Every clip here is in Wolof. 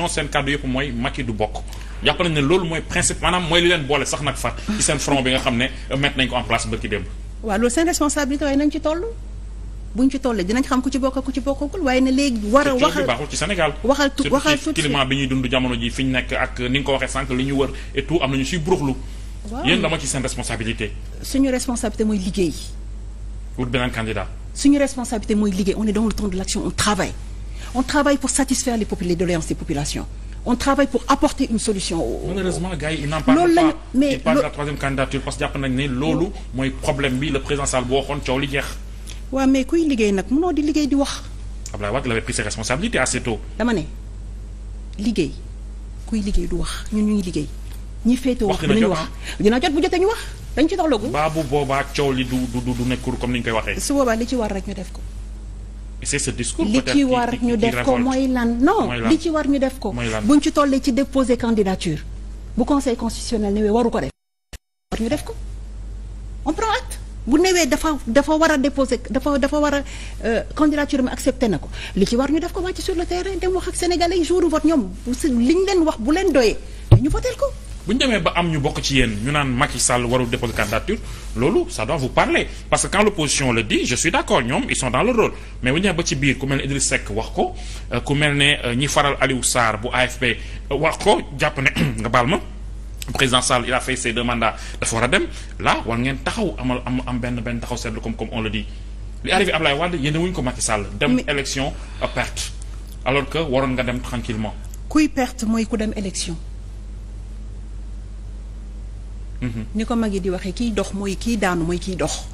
opposition seen kàddu yëpp mooy Macky du bokk jàpp ne loolu mooy principe maanaam mooy li leen boole sax nag far ci seen front bi nga xam ne mettre nañ ko en place bërki démb waaw loolu seen responsabilité waaye nañ ci toll buñ ci tollee dinañ xam ku ci bokk ku ci bokkagul waaye ne léegi war a waxal ci Sénégal waxal tu waxal bi ñuy dund jamono ji fi ñu nekk ak ni nga ko waxee sànq li ñu wër et tout am nañu suy buruxlu yéen la ma ci seen responsabilité on travaille pour satisfaire les, les doléances des populations on travaille pour apporter une solution. Au, malheureusement gars yi ils n'en parlent pas mais loolu mooy problème président Sall boo waxoon coow li jeex. waaw mais kuy liggéey nag mënoo di liggéey di wax. Abdoulaye Wade l'avait pris ses responsabilités assez tôt. dama ne liggéey kuy liggéey du wax ñu ngi liggéey. ñi féetoo wax dinañ wax ah? dina jot bu jotee ñu wax dañ ci dox loogu. baabu boobaa coow li du du du comme ni ñu waxee. su boobaa li ci war rek ñu def ko. ce discours li ci war ñu def ko mooy lan non li ci war ñu def ko buñ ci tollee ci déposé candidature bu conseil constitutionnel newee waru ko def war ñu def ko on bu newee dafa dafa war a déposé dafa dafa war a euh, candidature mi accepté na ko li ci war ñu def ko wàcc sur le terrain dem wax ak sénégalais jour vote ñoom ñu leen wax bu leen doyee ñu voteel ko bu ñu demee ba am ñu bokk ci yéen ñu naan Macky Sall warul déposer candidature loolu ça doit vous parler parce que quand l'opposition le dit je suis d'accord ñoom ils sont dans le rôle mais bu ñu ba ci biir ku mel ne Idriss Seck wax ko euh, ku mel ne euh, ñi faral Aliou saar bu AFP euh, wax ko jàpp ne nga baal ma président Sall il a fait ses deux mandats dafa war a dem là war ngeen taxaw amal am am benn benn taxaw sedd comme comme on la dit li arrivé Ablaye Wade yéen wuñ ko Macky Sall. dem élection perte alors que waroon nga dem tranquillement kuy perte mooy ni ko mag yi di waxee kiy dox mooy kiy daanu mooy kiy dox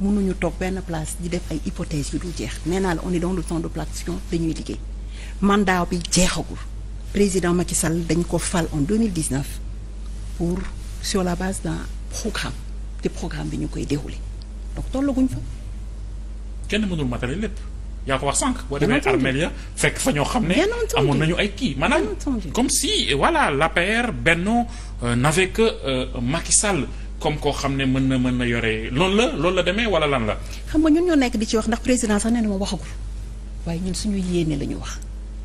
mënuñu toog benn place di def ay hypothèses yu dul jeex nee naa la on est dans le temps de l'action dañuy liggéey mandat bi jeexagul président Macky Sall dañ ko fal en 2019 pour sur la base d'un programme te programme bi ñu koy dérouler donc tollaguñ fa. kenn mënul matale lépp. yaa ko wax sànq boo demee Armelia fekk fa ñoo xam ne amoon nañu ay kii maanaam comme si voilà l'APR Benno euh, n'avait que euh, comme koo xam ne mën na mën na yore loolu la loolu la demee wala lan la xam nga ñun ñoo nekk di ci wax ndax président sax nee na ma waxagul waaye ñun suñu yéene la ñu wax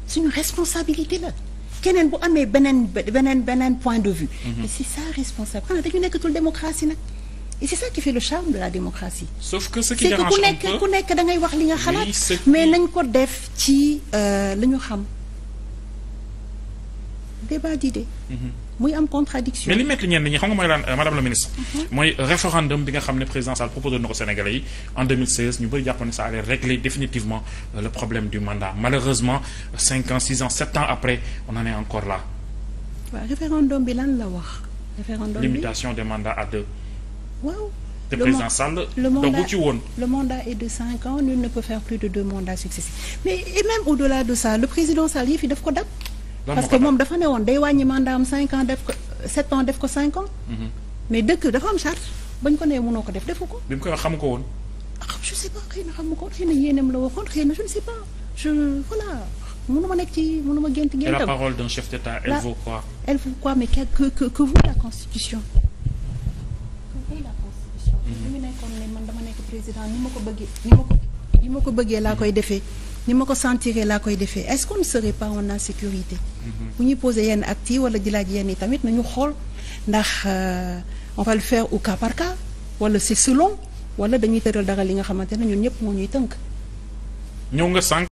suñu responsabilité la keneen bu amee beneen beneen beneen point de vue mm-hmm. mais c'est ça responsable xanaa dañu nekkatul démocratie nag et c'est ça qui fait le charme de la démocratie. sauf que c'est que ku nekk ku nekk wax li nga xalaat. mais nañ ko def ci euh, la ñu xam débat d'idées. Mhm. muy am contradiction mais li ñeen ñenn ñi xam nga mooy lan euh, madame la ministre. Mhm. mooy référendum bi nga xam ne président Sall proposé na ko Sénégalais yi en 2016 ñu bëri jàppoon ne ça allait régler définitivement euh, le problème du mandat malheureusement 5 ans 6 ans 7 ans après on en est encore là. waaw la wax. référendum bi waaw de président Sall dogu woon le mandat est de cinq ans nul ne peut faire plus de deux mandats successifs mais et même au-delà de ça le président Sall yi fi daf ko dab parce que moom dafa ne woon day wàññi mandat am cinq ans def ko sept ans def ko cinq ans mhm. mais dëkk dafa am charte bañ ko ne mënoo ko def defu ko bi mu koy wax xamu ko woon ah, je sais pas xëy na xamu ko woon xëy na yéenam la waxoon xëy na je ne sais pas je voilà mënuma nekk ci mënuma gént géntam la parole d'un chef d'État tey la constitution. Mm-hmm. li mu ne président ni ma ko bëggee ni ko ni ma ko bëggee laa koy defee ni ma ko sentiree laa koy defee est-ce qu'on ne serait pas en insécurité. Mm-hmm. bu ñuy poser yenn actes yi wala di laaj yenn yi tamit nañu xool ndax euh, on va le faire au cas par cas wala c'est selon wala dañuy tëral dara li nga xamante ne ñun ñëpp moo ñuy tënk. ñëw nga sànq.